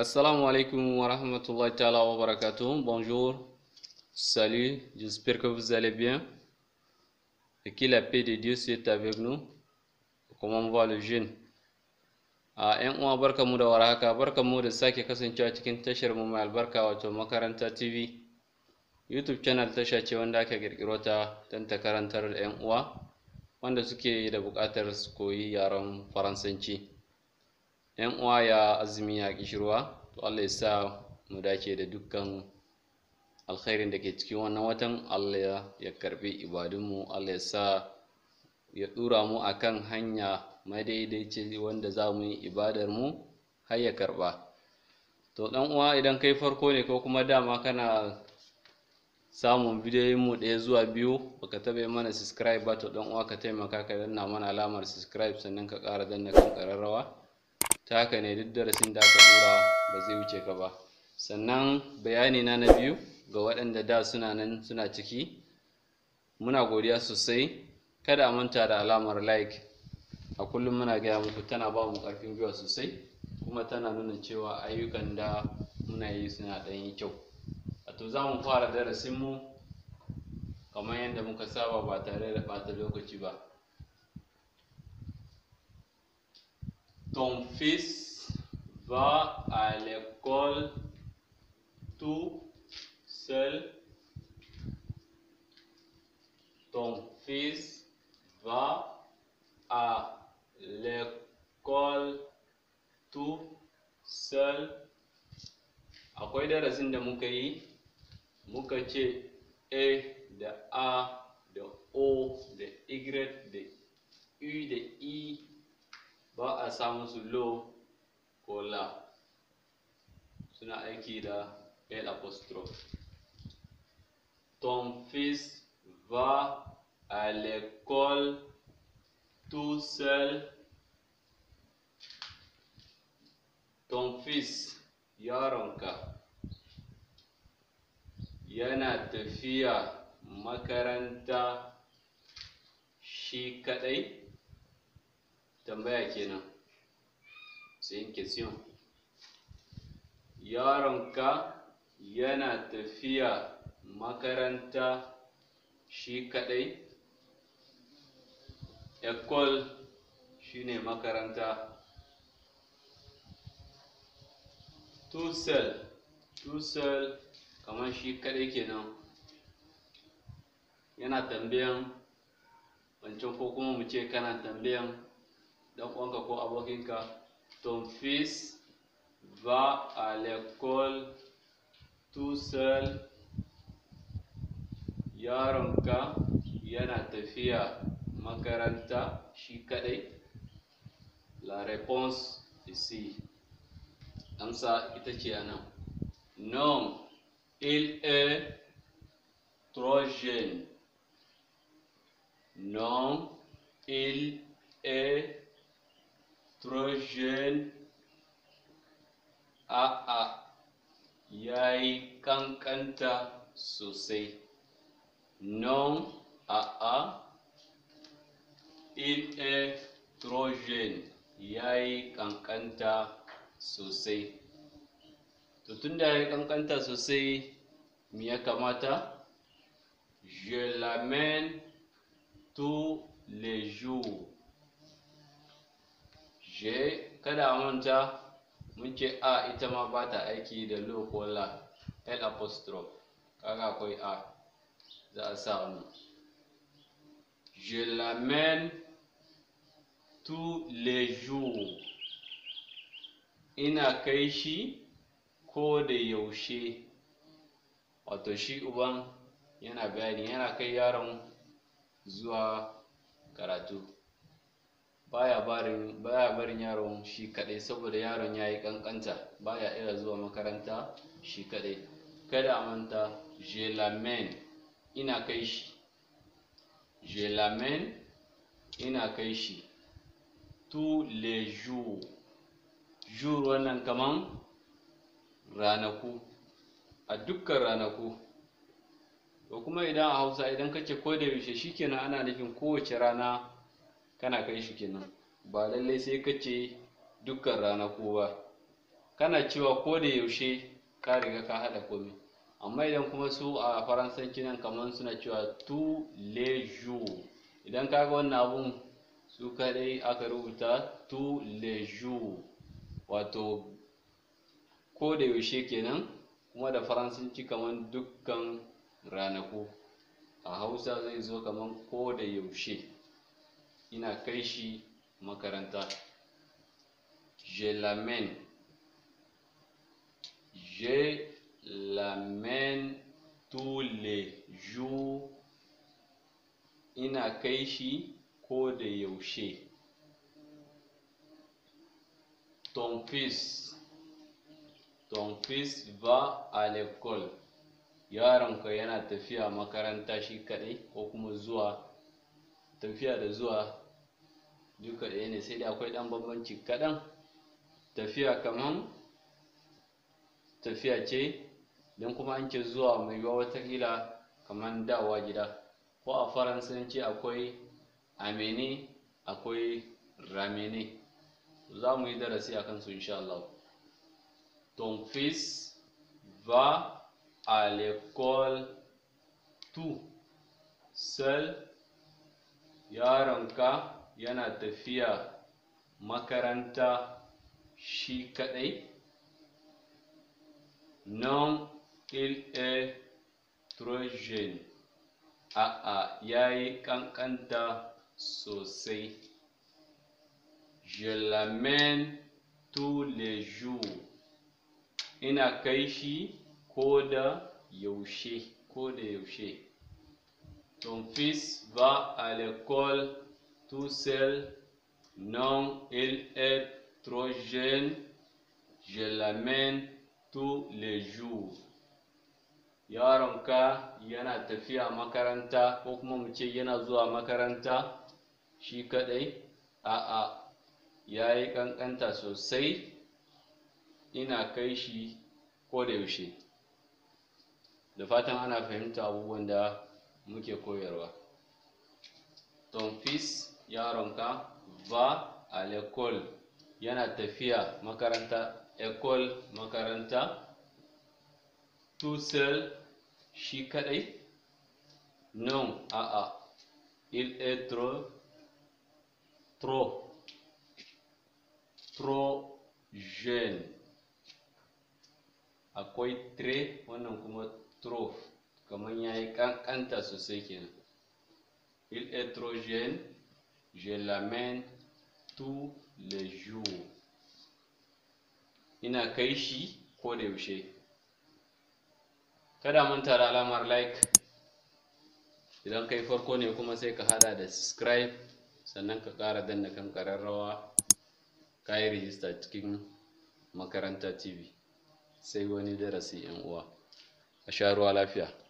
Assalamu alaikum wa rahmatullahi ta'ala wa barakatuh. Bonjour, salut, j'espère que vous allez bien et que la paix de Dieu soit avec nous. Comment va le jeune? A ah, ‘yan uwa barka mu da haka, barka mu da sake kasancewa cikin tashar mu mai albarka wato makaranta TV. YouTube channel tasha ce wanda aka kirkiro ta don ta karantar da ‘yan uwa wanda suke da buƙatar su koyi yaren Faransanci. yan uwa ya azumi ya kishirwa to Allah ya sa mu dace da dukkan alkhairin da ke cikin wannan watan Allah ya karbi ibadunmu Allah ya sa ya dura mu akan hanya madaidaici wanda za mu yi ibadar mu har ya karba to dan uwa idan kai farko ne ko kuma dama kana samun bidiyoyin mu ɗaya zuwa biyu baka taɓa mana subscribe ba to dan uwa ka taimaka ka danna mana alamar subscribe sannan ka ƙara danna kan ƙararrawa ta haka ne duk darasin da aka dora ba zai wuce ka ba sannan bayani na na biyu ga waɗanda da suna nan suna ciki muna godiya sosai kada a manta da alamar like a kullum muna gaya muku tana ba mu ƙarfin gwiwa sosai kuma tana nuna cewa ayyukan da muna yi suna ɗan yi kyau wato za mu fara mu. kamar yadda muka saba ba tare da ɓata lokaci ba Ton fils va à l'école tout seul. Ton fils va à l'école tout seul. A quoi de muka de Mukai? ce est de A de O de Y de U de I ba a sa musu lo ko la suna aiki da l apostrophe ton fils va à l'école tout seul ton fils yaronka yana tafiya makaranta shi kadai tambaya kenan sai in question yaronka yana tafiya makaranta shi kadai ekol shine makaranta tusel tusel kamar shi kadai kenan yana tambayan wancan ko kuma mu ce kana tambayan dan uwanka ko abokinka ton fils va à l'école tout seul yaronka yana tafiya makaranta shi kadai la réponse ici amsa ita ce anan non il est trop jeune non il est trop jeune a'a ya yi ƙanƙanta sosai non a'a il est trop jeune Yay yi ƙanƙanta sosai to tunda ya yi kamata je l'amène tous les jours je kada manta muke a ita ma ba ta aiki da lo ko la l apostrophe kaga akwai a za a sa mu je men tu le ina kai shi ko da yaushe wato shi uban yana bayani yana kai yaron zuwa karatu baya barin barin yaron shi kadai saboda yaron yayi kankanta baya iya zuwa makaranta shi kadai kada a manta je ina kai shi je ina kai shi tu le jours jour wannan kaman ranaku a dukkan ranaku ko kuma idan a hausa idan kake ko da yaushe shikenan ana nufin kowace rana kana kai shi kenan ba lallai sai ka ce dukkan rana ko ba kana cewa ko da yaushe ka riga ka haɗa komai amma idan kuma su a faransanci nan kamar suna cewa tu le idan ka ga wannan abun su kadai aka rubuta tu le wato ko da yaushe kenan kuma da faransanci kamar dukkan ranaku a hausa zai zo kamar ko da yaushe ina kai shi makaranta je l'amène je l'amène tous les jours ina kai shi ko da yaushe ton fils ton fils va à l'école yaronka yana tafiya makaranta shi kadai ko kuma zuwa tafiya da zuwa duka ɗaya ne sai dai akwai ɗan bambanci kaɗan tafiya kamar tafiya ce don kuma an ce zuwa mai yiwuwa watakila kaman dawa gida ko a faransanci akwai amene akwai ramene za mu yi darasi a kansu insha Allah ton ba va à l'école yaronka yana tafiya makaranta shi kaɗai? Non, il est trop jeune. A'a, yayi kankanta ƙanƙanta sosai. Je l'amène tous les jours. Ina kai shi koda yaushe, ko da yaushe. Ton fils va à l'école toutes celles non électrogènes, je l'amène tous les jours. Yaronka yana tafiya makaranta ko kuma mu ce yana zuwa makaranta shi kadai? A'a, ya yi ƙanƙanta sosai ina kai shi ko da yaushe. Da fatan ana fahimta abubuwan da muke koyarwa. Tom Peace yaronka va a l'école yana tafiya makaranta école makaranta tout seul shi kadai non a'a il est trop trop trop jeune akwai tre wannan kuma trop kamar yayi kankanta sosai kenan il est trop jeune Je l'amène tous les jours. Ina kai shi ko da yaushe. Kada mun tara alamar like. Idan kai farko ne kuma sai ka hada da subscribe sannan ka ƙara danna kan ƙararrawa ka yi rijista cikin makaranta TV. Sai wani darasi 'yan uwa. A sha ruwa lafiya.